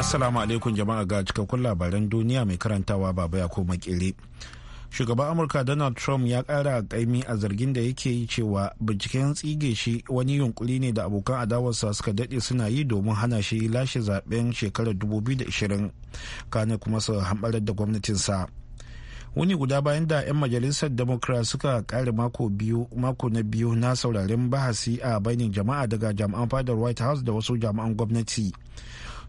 Assalamu alaikum jama'a ga cikakkun labaran duniya mai karantawa baba ya koma kere. Shugaban Amurka Donald Trump ya ƙara ƙaimi a zargin da yake yi cewa binciken tsige shi wani yunkuri ne da abokan adawarsa suka daɗe suna yi domin hana shi lashe zaben shekarar 2020 kane kuma su hambarar da gwamnatinsa. wuni guda bayan da 'yan majalisar democrat suka kare mako biyu mako na biyu na sauraren bahasi a bainin jama'a daga jami'an fadar white house da wasu jami'an gwamnati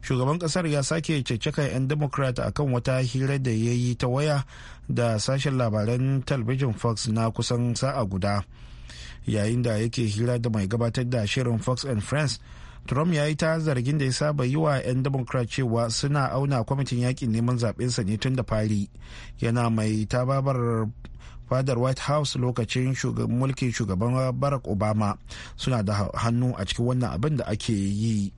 shugaban kasar ya sake ceceka 'yan democrat akan wata hira da ya yi ta waya da sashen labaran talabijin fox na kusan sa'a guda yayin da yake hira da mai gabatar da shirin fox and friends trump ya yi ta zargin da ya saba yi wa 'yan democrat cewa suna auna kwamitin yakin neman sa ne tun da fari yana mai tababar fadar white house lokacin mulkin shugaban barack obama suna da hannu a cikin wannan abin da ake yi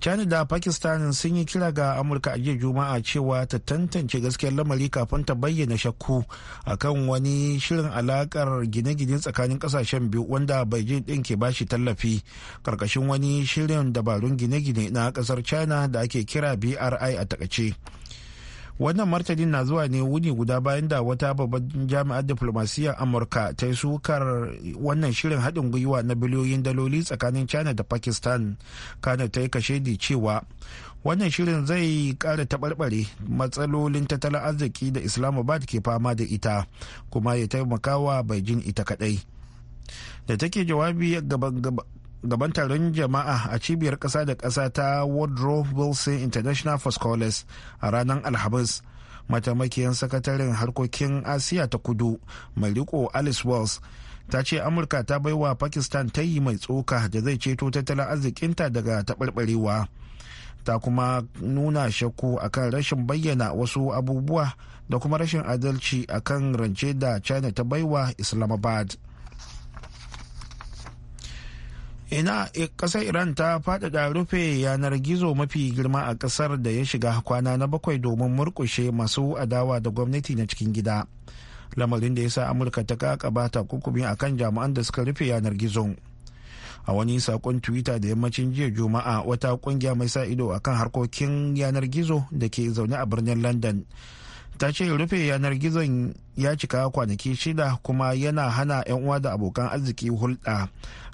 china da pakistan sun yi kira ga amurka a jiya juma'a cewa ta tantance gaskiyar lamari kafin ta bayyana shakku akan wani shirin alakar gine-gine tsakanin kasashen biyu wanda beijing din ke bashi tallafi karkashin wani shirin dabarun gine-gine na kasar china da ake kira bri a takaice wannan martanin na zuwa ne wuni guda bayan da wata babban jami'ar diplomasiyyar amurka ta yi sukar wannan shirin haɗin gwiwa na biliyoyin daloli tsakanin china da pakistan kana ta yi kashe kashedi cewa wannan shirin zai ƙara taɓarɓare matsalolin tattalin arziki da islamabad ke fama da ita kuma ya taimaka wa beijing ita kaɗai da take jawabi gaban taron jama'a a cibiyar ƙasa da ƙasa ta woodrow wilson international for scholars a ranar alhamis mataimakiyar sakataren harkokin asiya ta kudu mai alice wells ta ce amurka ta baiwa pakistan ta yi mai tsoka da zai ceto tattalin arzikinta daga taɓarɓarewa ta kuma nuna shakku akan rashin bayyana wasu abubuwa da kuma rashin adalci akan rance da china ta baiwa islamabad ina kasar eh, iran ta faɗaɗa rufe yanar gizo mafi girma a ƙasar da ya shiga kwana na bakwai domin murkushe masu adawa da gwamnati na cikin gida lamarin da ya sa amurka ta kakaba takunkumi a kan jami'an da suka rufe yanar gizo a wani sakon twitter da yammacin jiya juma'a wata ƙungiya mai sa ido akan harkokin yanar gizo da ke zaune a birnin london ta ce rufe yanar gizon ya cika kwanaki shida kuma yana hana 'yan uwa da abokan arziki hulɗa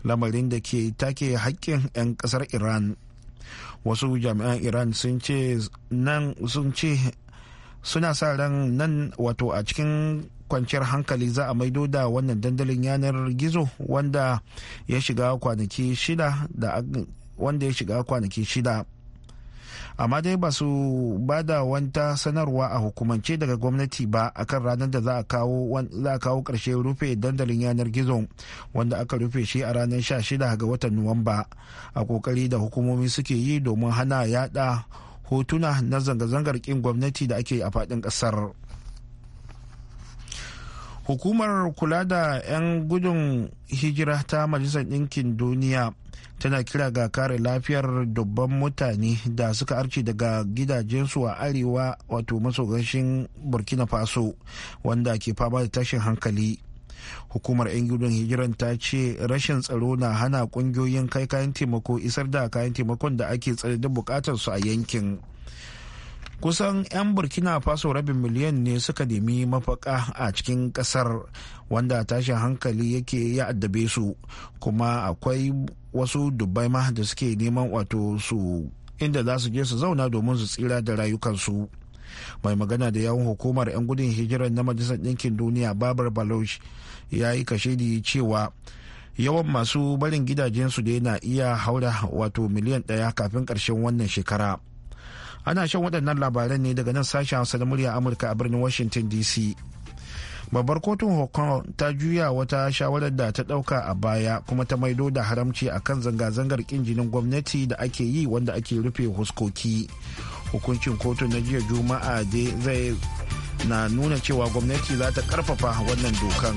lamarin da ke take haƙƙin 'yan ƙasar iran wasu jami'an iran sun ce nan sun ce suna sa ran nan wato a cikin kwanciyar hankali za a maido da wannan dandalin yanar gizo wanda ya shiga kwanaki shida wanda ya shiga kwanaki shida amma dai ba su ba da wanta sanarwa a hukumance daga gwamnati ba a kan ranar da za a kawo ƙarshe rufe dandalin yanar gizo wanda aka rufe shi a ranar 16 ga watan nuwamba a kokari da hukumomi suke yi domin hana yada hotuna na zanga-zangar kin gwamnati da ake a faɗin ƙasar. hukumar kula da 'yan gudun hijira ta majalisar ɗinkin duniya tana kira ga kare lafiyar dubban mutane da suka arce daga gidajensu a arewa wato maso gashin burkina faso wanda ke fama da tashin hankali hukumar 'yan gudun hijiran ta ce rashin tsaro na hana kungiyoyin kai kayan taimako isar da kayan taimakon da ake tsare da bukatarsu a yankin kusan 'yan burkina faso rabin miliyan ne suka nemi mafaka a cikin kasar wanda tashin hankali yake ya addabe su kuma akwai wasu dubbai ma da suke neman wato su inda za su je su zauna domin su tsira da rayukansu mai magana da yawon hukumar 'yan gudun hijirar na majalisar ɗinkin duniya babar baloch ya yi kashedi cewa yawan masu barin gidajensu da na iya haura wato miliyan ɗaya kafin ƙarshen wannan shekara ana shan waɗannan labaran ne daga nan sashen hausa da murya amurka a birnin washington dc babbar kotun hong kong ta juya wata shawarar da ta ɗauka a baya kuma ta maido da haramci a kan zanga-zangar kin gwamnati da ake yi wanda ake rufe huskoki hukuncin kotun na jiya juma'a dai zai na nuna cewa gwamnati za ta karfafa wannan dokan.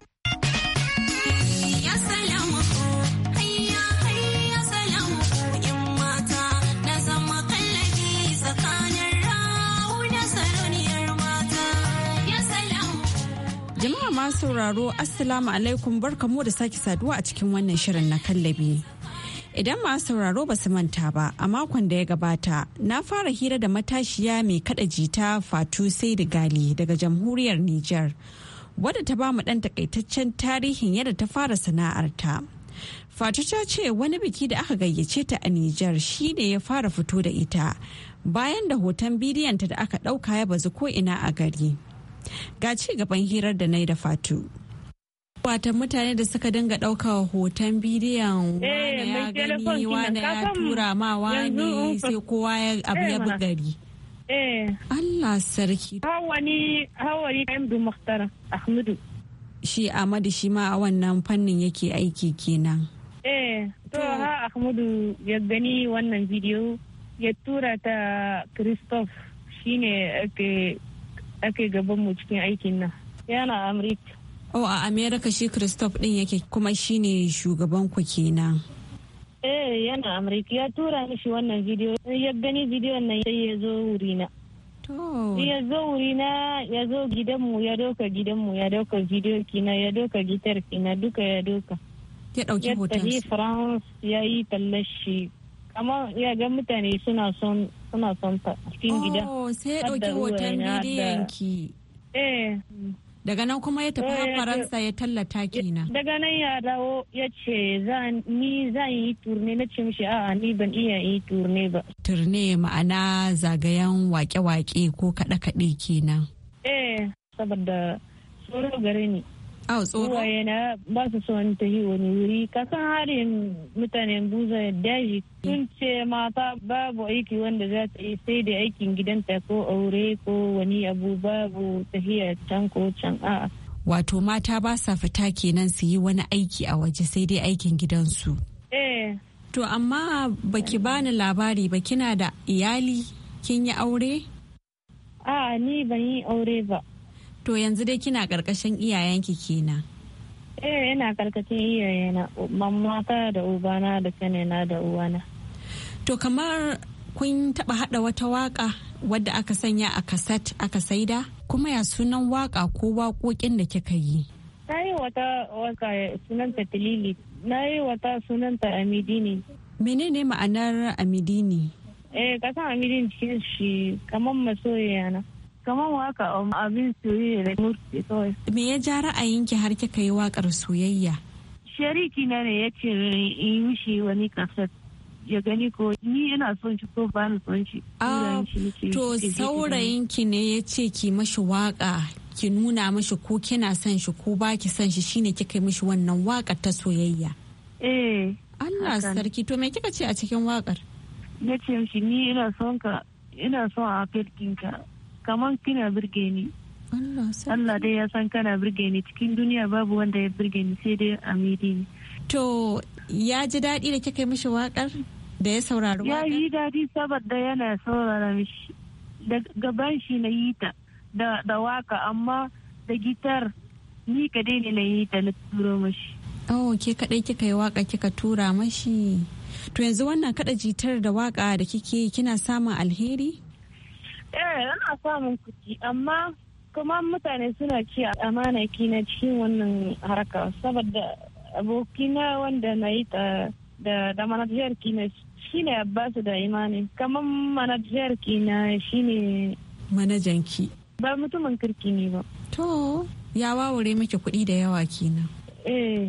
jama'a sauraro assalamu alaikum barkamu da sake saduwa a cikin wannan shirin na kallabi. Idan ma sauraro ba su manta ba a makon da ya gabata na fara hira da matashiya mai kada jita Fatu sai da Gali daga jamhuriyar Niger wadda ta ba mu dan takaitaccen tarihin yadda ta fara sana'arta. Fatu ta ce wani biki da aka gayyace ta a Niger shi ne ya fara fito da ita bayan da hoton bidiyonta da aka ɗauka ya bazu ko ina a gari. Ga ci gaban hirar da na yi da fatu. Watan mutane da suka dinga ɗauka hoton bidiyon wane eh, ya gani wane ya tura ma wane uh, sai kowa ya eh, abu ya bi gari. Eh. Allah sarki. Hawani hawani Ahmadu Mukhtar Ahmadu. Shi Ahmadu shi ma a wannan fannin yake aiki kenan. Eh, to ha Ahmadu ya gani wannan bidiyo ya tura ta Christoph shine ake aka yi gaban mu cikin aikin nan yana amurka o oh, a america shi christoph din yake kuma shine shugaban ku kenan eh yana amurka ya tura shi wannan video ya gani video nan sai ya zo wurina ya zo wurina ya zo gidanmu ya doka gidanmu ya doka video kina ya doka gitar kina duka ya doka ya dauki hotel ya tafi france ya yi tallashi amma ya ga mutane suna son suna son cikin gida. Oh, sai ya ɗauki hoton bidiyon ki. Eh. Daga nan kuma ya tafi eh, Faransa ya tallata kina. Daga nan ya dawo ya ce ni zan yi turne na ce mishi a'a ni ban iya yi turne ba. Turne ma'ana zagayen wake-wake ko kaɗe-kaɗe kenan. Eh, saboda tsoro gare ni. Au Uwaye na ba su son ta yi wani wuri. Kasan harin mutanen buza daji sun ce mata babu aiki wanda za ta yi sai da aikin gidanta ko aure ko wani abu babu tafiya can ko can a'a. Wato mata ba sa fita kenan su yi wani aiki a waje sai dai aikin gidansu. Eh. To amma baki bani labari ba kina da iyali kin yi aure? A ni ban yi aure ba. To yanzu dai kina karkashin iyayenki kenan. Eh yana karkashin iyayena Mamma ta da ubana da kanina da uwana. To kamar kun taba hada wata waka wadda aka sanya a kaset aka saida kuma ya sunan waka ko waƙoƙin da kika yi. Na yi wata waka sunanta Tilili, na yi wata sunanta Amidini. Menene ma'anar Amidini? Eh kasan Amidini cikin shi kamar masoyiya na. kamar waka um, abin soyayya da murci kawai. Me ya ja ra'ayinki har kika yi wakar soyayya? Shariki na ne ya ce in yi shi wani kasar ya gani ko ni ina son shi ko ba ni son shi. Ah, to saurayinki ne ya ce ki mashi waka ki nuna mashi ko kina son shi ko ba ki son shi shine kika yi mashi wannan wakar ta soyayya. Eh. Allah sarki to me kika ce a cikin wakar? Na ce mishi ni ina son ka ina son a kirkinka kamar kina birge ni Allah dai ya san kana birge ni cikin duniya babu wanda ya birge ni sai dai amiri ne to ya ji daɗi da kika yi mishi waƙar da ya saurari waƙar ya yi daɗi saboda yana saurara mishi da gaban shi na yi ta da waka amma da gitar ni kadai ne na yi ta na turo mashi oh ke kadai kika yi waka kika tura mashi to yanzu wannan kada jitar da waka da kike kina samun alheri eh ana samun kuɗi amma kuma mutane suna ci amana ki na cikin wannan harka saboda abokina wanda na yi da da manajer ki na shine Abbas da Imani kamar manajer ki na ne. manajan ki ba mutumin kirki ne ba to ya wawure miki kuɗi da yawa kina eh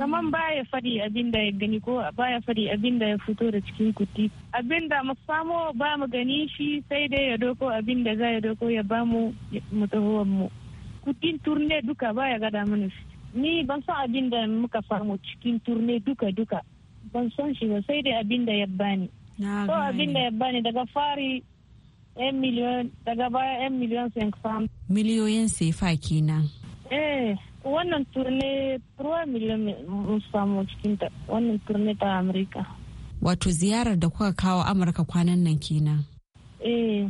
Ah. ba ya fadi abin da ya gani ko ba ya fadi abin da ya fito da cikin kuti abin da mu samo ba mu gani shi sai dai ya doko abin da za ya doko ya ba mu mu mu kutin turne duka ba ya gada mana shi ni ban san abin da muka samu cikin turne duka duka ban san shi ba sai dai abin da ya bani ko abin da ya bani daga fari 'yan miliyon daga baya 'yan miliyon 500 miliyoyin sefa kenan eh wannan turne ruwa miliyan samu cikin ta wannan turne ta amurka wato ziyarar da kuka kawo amurka kwanan nan kenan eh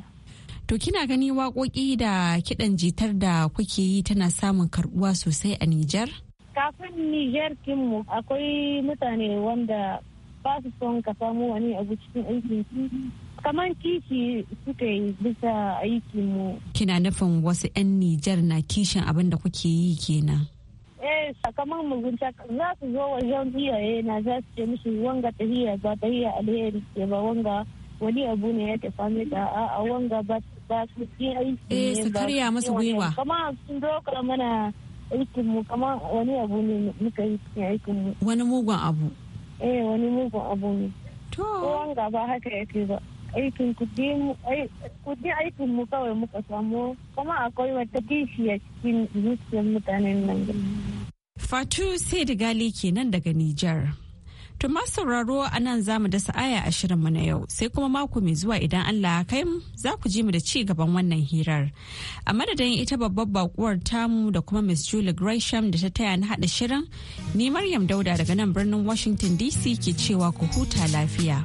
to kina gani waƙoƙi da kiɗan jitar da kuke yi tana samun karɓuwa sosai a nijar kafin nijar kinmu akwai mutane wanda ba su son ka samu wani abu cikin aikin kamar kishi suka yi bisa aiki mu. Kina nufin wasu 'yan Nijar na kishin abin da kuke yi kenan. Eh, kamar mugunta za su zo wajen iyaye na za su ce musu wanga tahiya ba tahiya alheri ke ba wanga wani abu ne ya tafa mai da a wanga ba su yi aiki eh, ne ba. Eh, su karya masu gwiwa. Kamar sun doka mana aikin mu kamar wani abu ne muka yi aikin mu. Wani mugun abu. Eh, wani mugun abu ne. To. Wanga ba haka yake ba. aikin kudi aikin mu kawai muka samu kuma akwai wata kishiya cikin zuciyar mutanen nan fatu sai da gali kenan daga nijar to sauraro a nan za mu dasa aya shirin mu na yau sai kuma mako mai zuwa idan allah kai za ku ji mu da ci gaban wannan hirar a madadin ita babbar bakuwar tamu da kuma miss julie gresham da ta taya na haɗa shirin ni maryam dauda daga nan birnin washington dc ke cewa ku huta lafiya.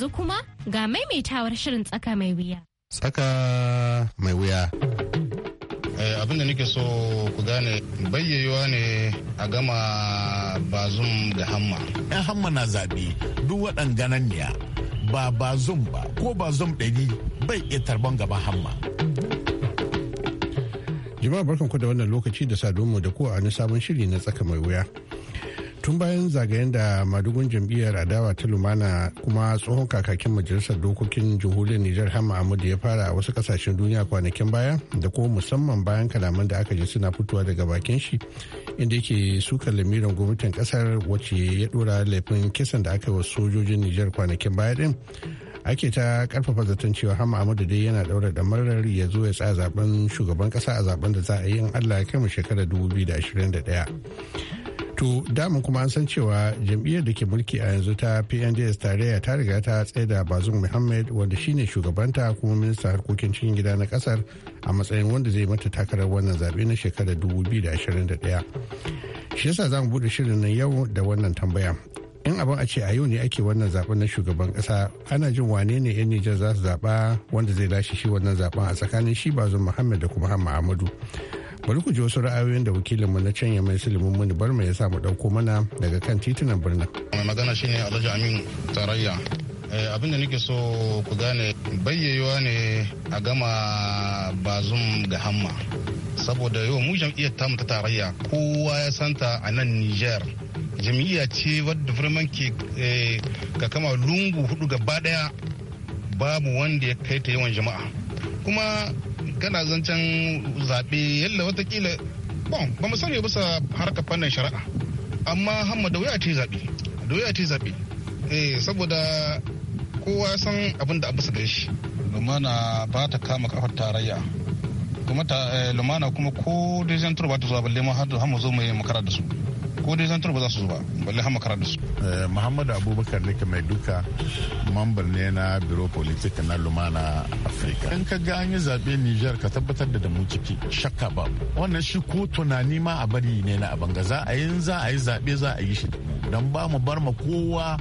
yanzu kuma ga maimaitawar shirin tsaka mai wuya. Tsaka mai wuya. Eh, abin da nake so ku gane bayyayewa ne a gama bazum da hamma. ‘Yan hamma na zaɓe duk waɗan gananniya ba bazum ba ko bazum ɗari bai iya tarban gaba hamma. Jima'a barkan ku da wannan lokaci da sadonmu da ku a wani sabon shiri na tsaka mai wuya. tun bayan zagayen da madugun jam'iyyar adawa ta lumana kuma tsohon kakakin majalisar dokokin jihohin nijar hama amadu ya fara a wasu kasashen duniya kwanakin baya da kuma musamman bayan kalaman da aka ji suna fitowa daga bakin shi inda yake sukar lamirin gwamnatin kasar wacce ya dora laifin kisan da aka yi wa sojojin nijar kwanakin baya din ake ta karfafa zaton cewa hama amadu dai yana daura marar ya zo ya tsaya zaben shugaban kasa a zaben da za a yi in allah ya kai mu da daya. to damu kuma an san cewa jam'iyyar da ke mulki a yanzu ta pnds tarayya ta riga ta tsaida bazum muhammad wanda shine shugabanta kuma minista harkokin cikin gida na kasar a matsayin wanda zai mata takarar wannan zaɓe na shekarar 2021 shi yasa za mu buɗe shirin nan yau da wannan tambaya in abin a ce a yau ne ake wannan zaben na shugaban kasa ana jin wane ne yan nijar za su zaɓa wanda zai lashe shi wannan zaɓen a tsakanin shi bazum muhammad da kuma hamma amadu bari ku ji wasu ra'ayoyin da wakilinmu na can ya mai silimin muni bar mai ya samu ɗauko mana daga kan titunan birnin. mai magana shine alhaji amin tarayya eh, abinda nake so ku gane bayyayewa ne a gama bazum ga hamma saboda yau mu jam'iyyar tamu ta tarayya kowa ya santa a nan niger jam'iyya ce wadda firman ke eh, ka kama lungu hudu gaba daya babu wanda ya kai ta yawan jama'a kuma kana zancen zaɓe yalla watakila bon ba mu sani bisa harkar fannin shari'a amma hamma da wuya ce zaɓe da wuya ce zaɓe eh saboda kowa san abin da abu su shi lumana ba ta kama kafar tarayya kuma eh, lumana kuma ko dai zan turba ta zuwa balle ma har mu zo mu makara da su ko dai zantar ba za su zuba balle har da su. Eh, muhammadu abubakar ne mai duka mambar ne na biro politika na lumana afirka in ka ga an yi zaɓe niger ka tabbatar da mu ciki shakka ba wannan shi ko tunani ma a bari ne na abanga za a yi za a yi zaɓe za a yi shi don ba mu bar ma kowa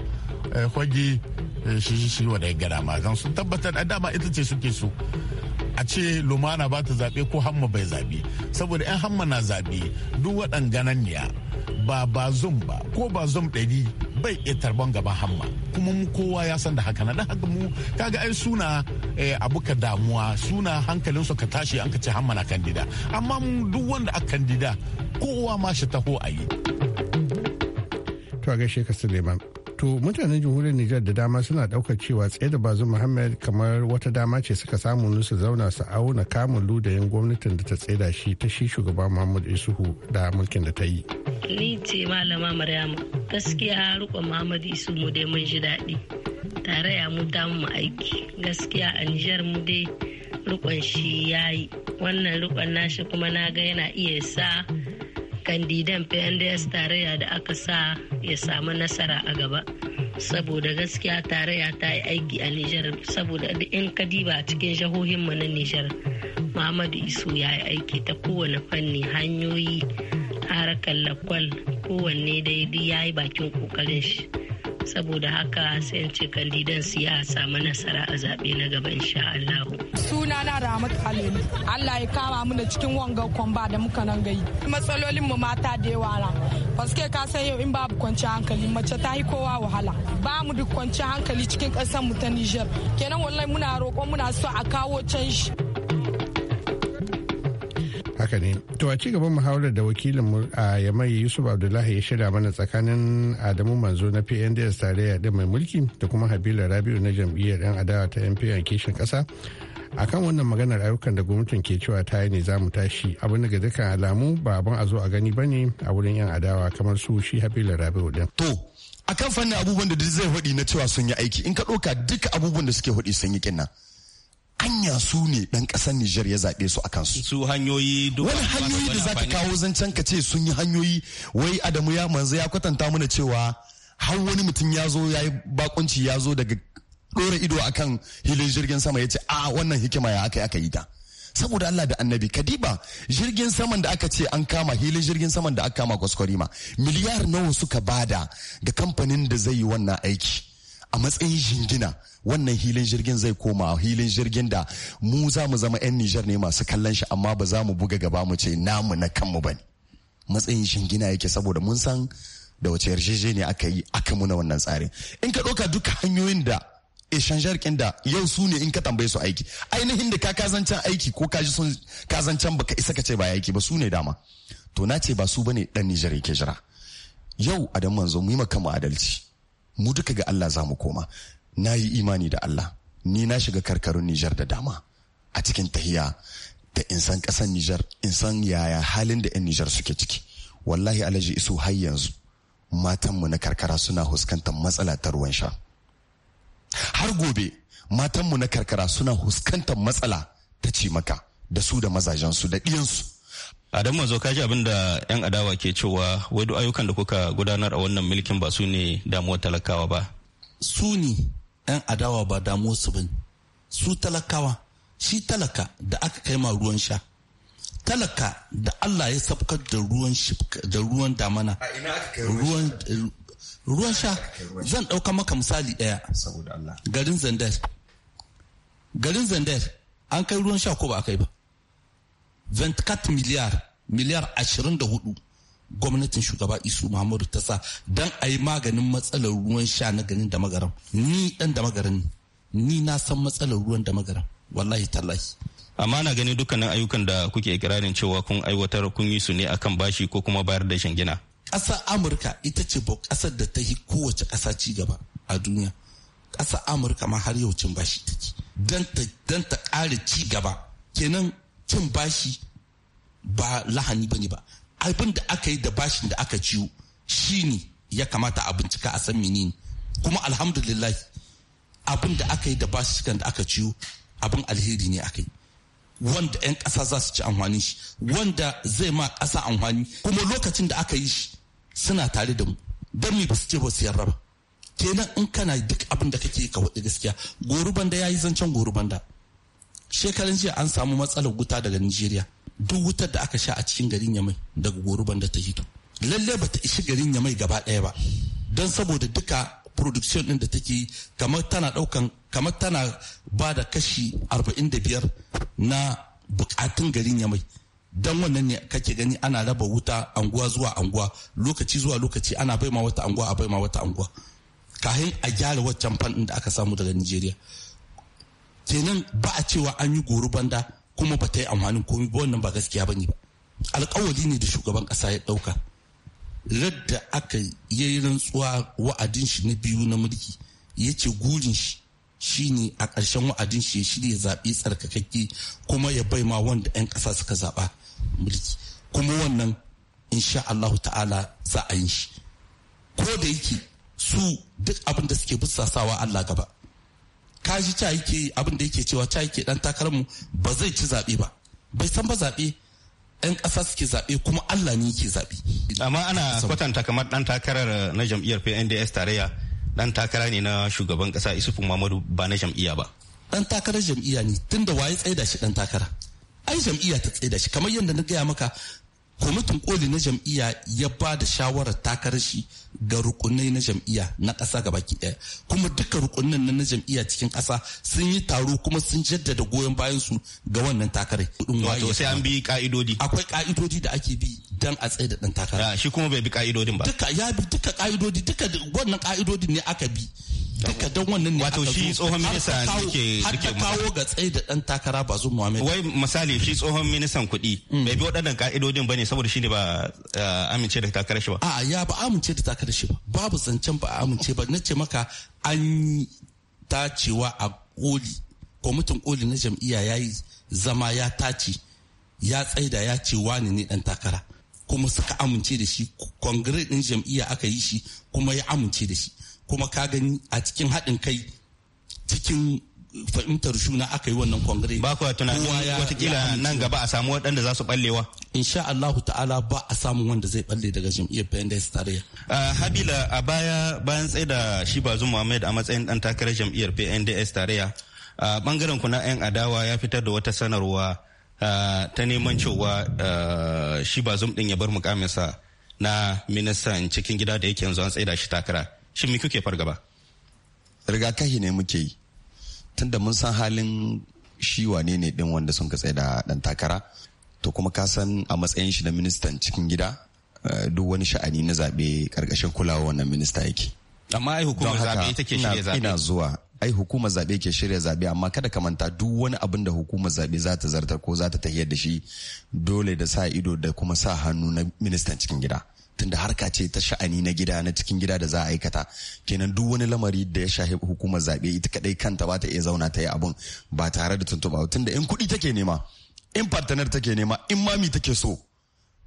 eh, kwage eh, shi shi shi wadai gada ma Zan sun tabbatar a dama ita ce suke so a ce lumana ba ta zaɓe ko hamma bai zaɓe saboda 'yan hamma na zaɓe duk waɗan gananniya ba ba zum ba ko ba zum ɗari bai iya tarban gaban hamma kuma mu kowa ya san da haka na haka mu kaga ai suna eh, abu ka damuwa suna hankalin su ka tashi an ka ce hamma na kandida amma mu duk wanda a kandida kowa ma shi taho a yi. To a gaishe ka Suleiman. to mutanen jamhuriyar Nijar da dama suna daukar cewa tsaye da bazu Muhammad kamar wata dama ce suka samu nusu su zauna su auna kamun ludayin gwamnatin da ta tsaida shi ta shi shugaba Muhammad Isuhu da mulkin da ta yi. ni ce malama maryama gaskiya rukon Muhammadu isu mu dai mun ji daɗi tare ya mu damu mu aiki gaskiya a nijar mu dai rukon shi ya yi wannan rukon nashi kuma na ga yana iya sa kandidan pnds tarayya da aka sa ya samu nasara a gaba saboda gaskiya tarayya ta yi aiki a nijar saboda duk in kadiba cikin mu na nijar muhammadu isu ya yi aiki ta kowane fanni hanyoyi a kallakwal kowanne daidai ya yi bakin kokarin shi saboda haka sai ce kandidan ya samu nasara a zaɓe na gaba insha Allah. Suna na Allah ya kama mu da cikin wanga kwamba da muka nan gayi. Matsalolin mu mata da yawa na. Paske ka san yau in babu kwanci hankali mace ta yi kowa wahala. Ba mu duk kwanciyar hankali cikin ƙasar mu ta Niger. Kenan wallahi muna roƙon muna so a kawo canji. haka ne to a ci gaban muhawarar da wakilin a yamai yusuf abdullahi ya shirya mana tsakanin adamu manzo na pnds tare da mai mulki da kuma habila rabiu na jam'iyyar yan adawa ta yan fiyan kishin kasa a kan wannan maganar ayyukan da gwamnatin ke cewa ta yi ne za mu tashi abin daga dukkan alamu ba abin a zo a gani ba ne a wurin yan adawa kamar su shi habila rabiu din to kan fannin abubuwan da zai faɗi na cewa sun yi aiki in ka ɗauka duka abubuwan da suke faɗi sun yi kinna hanya su ne dan kasar Nijar ya zaɓe su a kansu. Su hanyoyi duk Wani hanyoyi da za ka kawo zancen ka ce sun yi hanyoyi wai Adamu ya manzo ya kwatanta mana cewa har wani mutum ya zo ya yi bakunci ya zo daga ɗora ido akan hilin jirgin sama ya ce a ah, wannan hikima ya aka aka yi ta. saboda Allah da annabi kadiba jirgin saman da aka ce an kama hilin jirgin saman da aka kama kwaskwarima miliyar nawa suka bada ga kamfanin da zai yi wannan aiki a matsayin jingina wannan hilin jirgin zai koma hilin jirgin da mu za mu zama 'yan Nijar ne masu kallon shi amma ba za mu buga gaba mu ce namu na kanmu ba ne matsayin jingina yake saboda mun san da wace ne aka yi aka muna wannan tsarin in ka ɗauka duka hanyoyin da ishanjar da yau su ne in ka tambaye su aiki ainihin da ka kazancan aiki ko ka ji sun kazancan baka isa ka ce ba aiki ba su ne dama to na ce ba su bane ɗan Nijar yake jira yau a dan manzo mu yi maka mu adalci mu duka ga Allah za mu koma na yi imani da Allah ni na shiga karkarun Nijar da dama a cikin tahiya da insan kasan Nijar insan yaya halin da 'yan Nijar suke ciki wallahi alaji isu har yanzu matanmu na karkara suna huskantar matsala ta ruwan sha har gobe matanmu na karkara suna huskantar matsala ta cimaka da su da mazajensu da ɗiyansu Adamu mazo kaji abin da 'yan adawa ke cewa wai duk ayyukan da kuka gudanar a wannan mulkin ba su ne damuwar talakawa ba. Su ne 'yan adawa ba damuwar su bin. Su talakawa, shi talaka da aka kai ma ruwan sha. Talaka da Allah ya sabkar da ruwan da ruwan damana. Ruwan ruwan sha zan ɗauka maka misali ɗaya. Garin Zandar. Garin Zandar an kai ruwan sha ko ba a kai ba. 24 miliyar miliyar 24 gwamnatin shugaba isu muhammadu ta sa don a yi maganin matsalar ruwan sha na ganin da magaram ni dan da magaram ni na san matsalar ruwan da magaram wallahi tallahi amma na ganin dukkanin ayyukan da kuke ikirarin cewa kun aiwatar kun yi su ne akan bashi ko kuma bayar da gina. ƙasa amurka ita ce ƙasar da ta yi kowace ƙasa ci gaba a duniya ƙasa amurka ma har yau cin bashi take don ta ƙara ci gaba kenan cin bashi ba lahani bane ba abin da aka yi da bashin da aka ciwo shi ne ya kamata a bincika a san menene kuma alhamdulillah abin da aka yi da bashin da aka ciwo abin alheri ne aka yi wanda 'yan ƙasa za su ci amfani shi wanda zai ma ƙasa amfani kuma lokacin da aka yi shi suna tare da mu don me ba su ce ba su yarda ba kenan in kana duk abin da kake yi ka waɗi gaskiya goruban da ya yi zancen goruban da shekarun jiya an samu matsalar wuta daga Nigeria duk wutar da aka sha a cikin garin Yamai daga Goruban da ta hito lalle ba ta ishi garin Yamai gaba ɗaya ba don saboda duka production din da take kamar tana daukan kamar tana ba da kashi 45 na bukatun garin Yamai don wannan ne kake gani ana raba wuta anguwa zuwa anguwa lokaci zuwa lokaci ana baima wata anguwa a baima wata anguwa kahin a gyara waccan fan da aka samu daga Nigeria kenan ba a cewa an yi goro banda kuma ba ta yi amfani komi ba wannan ba gaskiya ne ba alkawali ne da shugaban ƙasa ya ɗauka. radda aka yi rantsuwa wa'adin shi na biyu na mulki ya ce gurin shi shine a ƙarshen wa'adin shi ya shirya zaɓe tsarkakakke kuma ya bai ma wanda 'yan ƙasa suka zaɓa mulki kuma wannan insha Allah ta'ala za a yi shi ko da yake su duk abin da suke bussasawa Allah gaba kaji ca yake abin da yake cewa ca yake dan mu ba zai ci zaɓe ba bai san ba zaɓe 'yan ƙasa suke zaɓe kuma Allah ne yake zaɓe. Amma ana kwatanta kamar ɗan takarar uh, na jam'iyyar PNDS tarayya ɗan takara ne na shugaban ƙasa Isufin Muhammadu ba na jam'iyya ba. Ɗan takarar jam'iyya ne tun da waye tsaida shi ɗan takara. Ai jam'iyya ta tsaida shi kamar yadda na gaya maka kwamitin koli na jam'iyya ya ba da shawarar takarar shi ga rukunai na jam'iyya na ƙasa gabaki ɗaya kuma duka rukunan na jam'iyya cikin ƙasa sun yi taro kuma sun jaddada goyon bayan su ga wannan takarar. wato sai an bi ka'idodi akwai ka'idodi da ake bi dan a tsaye da dan takara ah, shi kuma bai bi ka'idodin ba duka ya bi duka ka'idodi duka wannan ka'idodin ne aka bi duka don wannan ne wato shi tsohon minista ne ke rike kawo ga tsaye da dan takara bazu muhammad wai misali shi tsohon ministan kuɗi mm. bai bi waɗannan ka'idodin bane saboda shi ne ba eh, amince da takarar shi ba a ya ba amince da takarar shi ba babu zancen ba amince ba na ce maka an tacewa a koli kwamitin koli na jam'iyya ya yi zama ya tace ya tsaida ya ce wani ne dan takara kuma suka amince da shi kongire din jam'iyya aka yi shi kuma ya amince da shi kuma ka gani a cikin haɗin kai cikin fahimtar shuna aka yi wannan kongire ba ku tunanin watakila nan gaba a samu waɗanda za su ɓallewa insha Allah ta'ala ba a samu wanda zai balle daga jam'iyyar PNDS tarayya Habila a baya bayan tsaye da shi Bazum Muhammad a matsayin dan takarar jam'iyyar PNDS tarayya bangaren ku na yan adawa ya fitar da wata sanarwa ta neman cewa shi Bazum din ya bar mukaminsa na ministan cikin gida da yake yanzu an tsaye da shi takara shin me kuke fargaba rigakafi ne muke yi da mun san halin shi wane ne din wanda sun ka tsaye da dan takara to kuma ka san a matsayin shi na ministan cikin gida eh, duk wani sha'ani na zaɓe karkashin kulawa wannan minista yake amma ai hukumar zaɓe ita ke shirya zaɓe ina zuwa ai hukumar zaɓe ke shirya zaɓe amma kada ka manta duk wani abin da hukumar zaɓe za ta zartar ko za ta tafiyar da shi dole da sa ido da kuma sa hannu na ministan cikin gida tunda harka ce ta sha'ani na gida na cikin gida da za a aikata kenan duk wani lamari da ya shafi hukumar zaɓe ita kadai kanta ba ta iya zauna ta yi abun ba tare da tuntuɓa tunda in kuɗi take nema in partner take nema in mami take so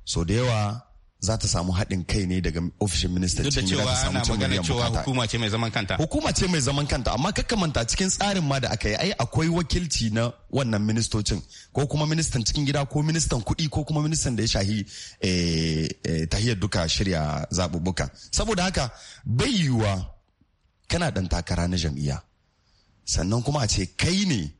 so da yawa za ta samu haɗin kai ne daga ofishin ministan cikin gida ta samu magana cewa hukuma ce mai zaman kanta hukuma ce mai zaman kanta amma kakkamanta cikin tsarin ma da aka yi ai akwai wakilci na wannan ministocin ko kuma ministan cikin gida ko ministan kuɗi ko kuma ministan da ya shahi eh, eh, tahiyar duka shirya zaɓuɓɓuka saboda haka bai yiwuwa kana ɗan takara na jam'iyya sannan kuma a ce kai ne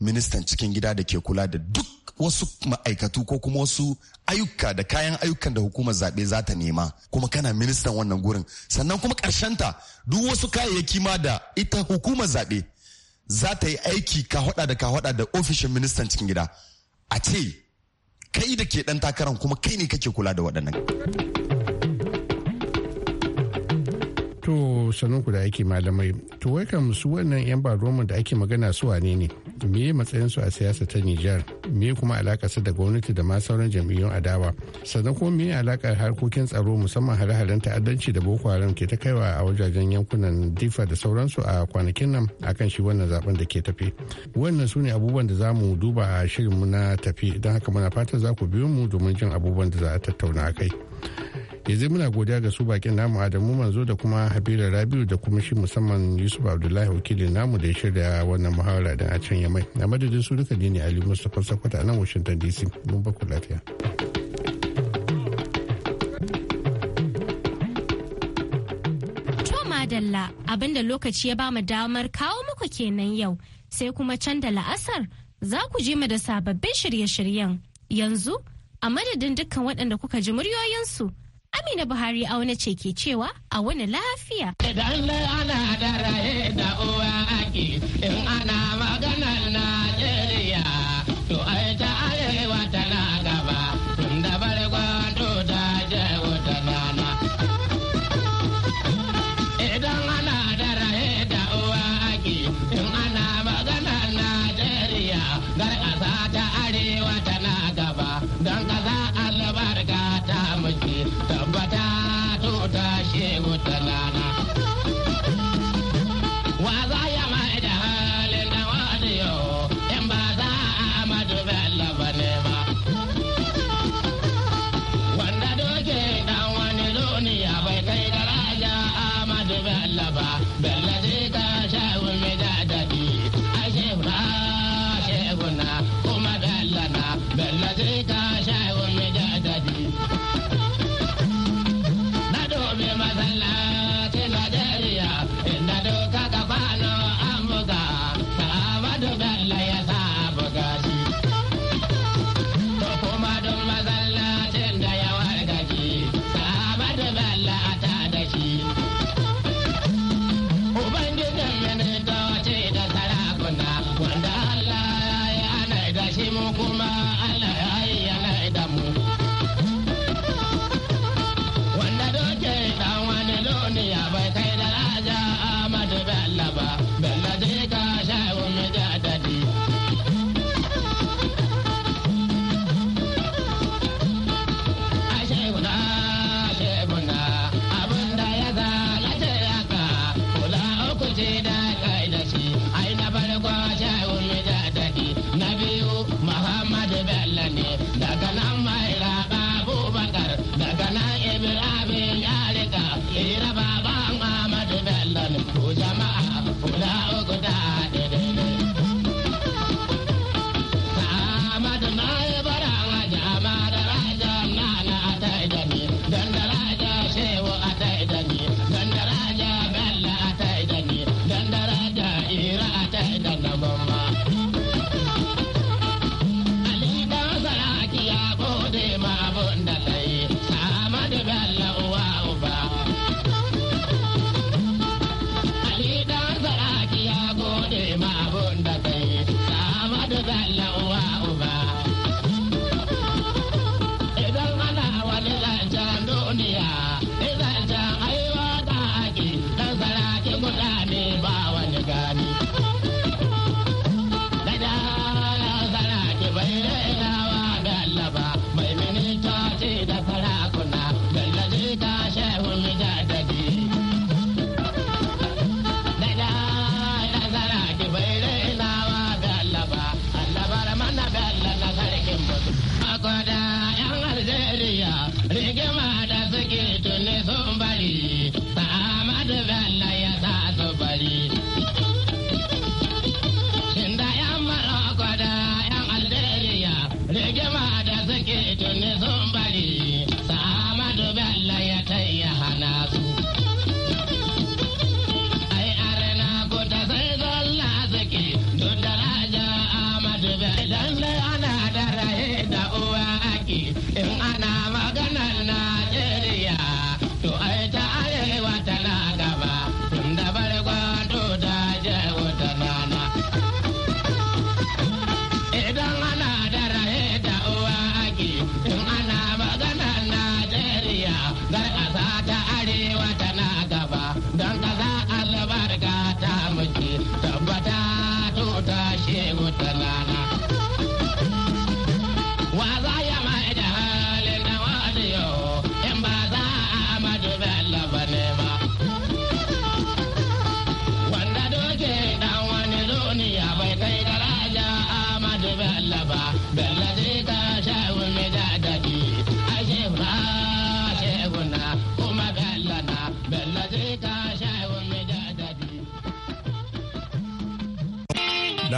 ministan cikin gida da ke kula da duk wasu ma'aikatu ko kuma wasu ayyuka da kayan ayyukan da hukumar zaɓe za ta nema kuma kana ministan wannan gurin sannan kuma ta duk wasu kayayyaki ma da ita hukumar zaɓe za ta yi aiki ka hada da ka hada da ofishin ministan cikin gida a ce kai da ke ɗan takaran kuma kai ne kake kula da waɗannan. to sannan ku da ake malamai to wai kam su wannan yan baroma da ake magana su wane ne me ya matsayinsu a siyasa ta Nijar me kuma alakarsu da gwamnati da ma sauran jam'iyyun adawa sannan kuma me alakar harkokin tsaro musamman hare ta'addanci da Boko Haram ke ta kaiwa a wajajen yankunan Difa da sauransu a kwanakin nan akan shi wannan zaben da ke tafi wannan su ne abubuwan da za mu duba a shirin mu na tafi don haka muna fatan za ku biyo mu domin jin abubuwan da za a tattauna a kai. yanzu muna godiya ga su bakin namu adamu manzo da kuma habira rabiu da kuma shi musamman yusuf abdullahi wakilin namu da ya shirya wannan muhawara da a can yamai a madadin su duka ne ali mustapha sakwata a nan washington dc mun baku lafiya madalla abinda lokaci ya bamu damar kawo muku kenan yau sai kuma can da la'asar za ku je mu da sababbin shirye-shiryen yanzu a madadin dukkan waɗanda kuka ji muryoyinsu Amina Buhari auna ce ke cewa a wani lafiya. Idan ana da raye da uwa ake in ana magana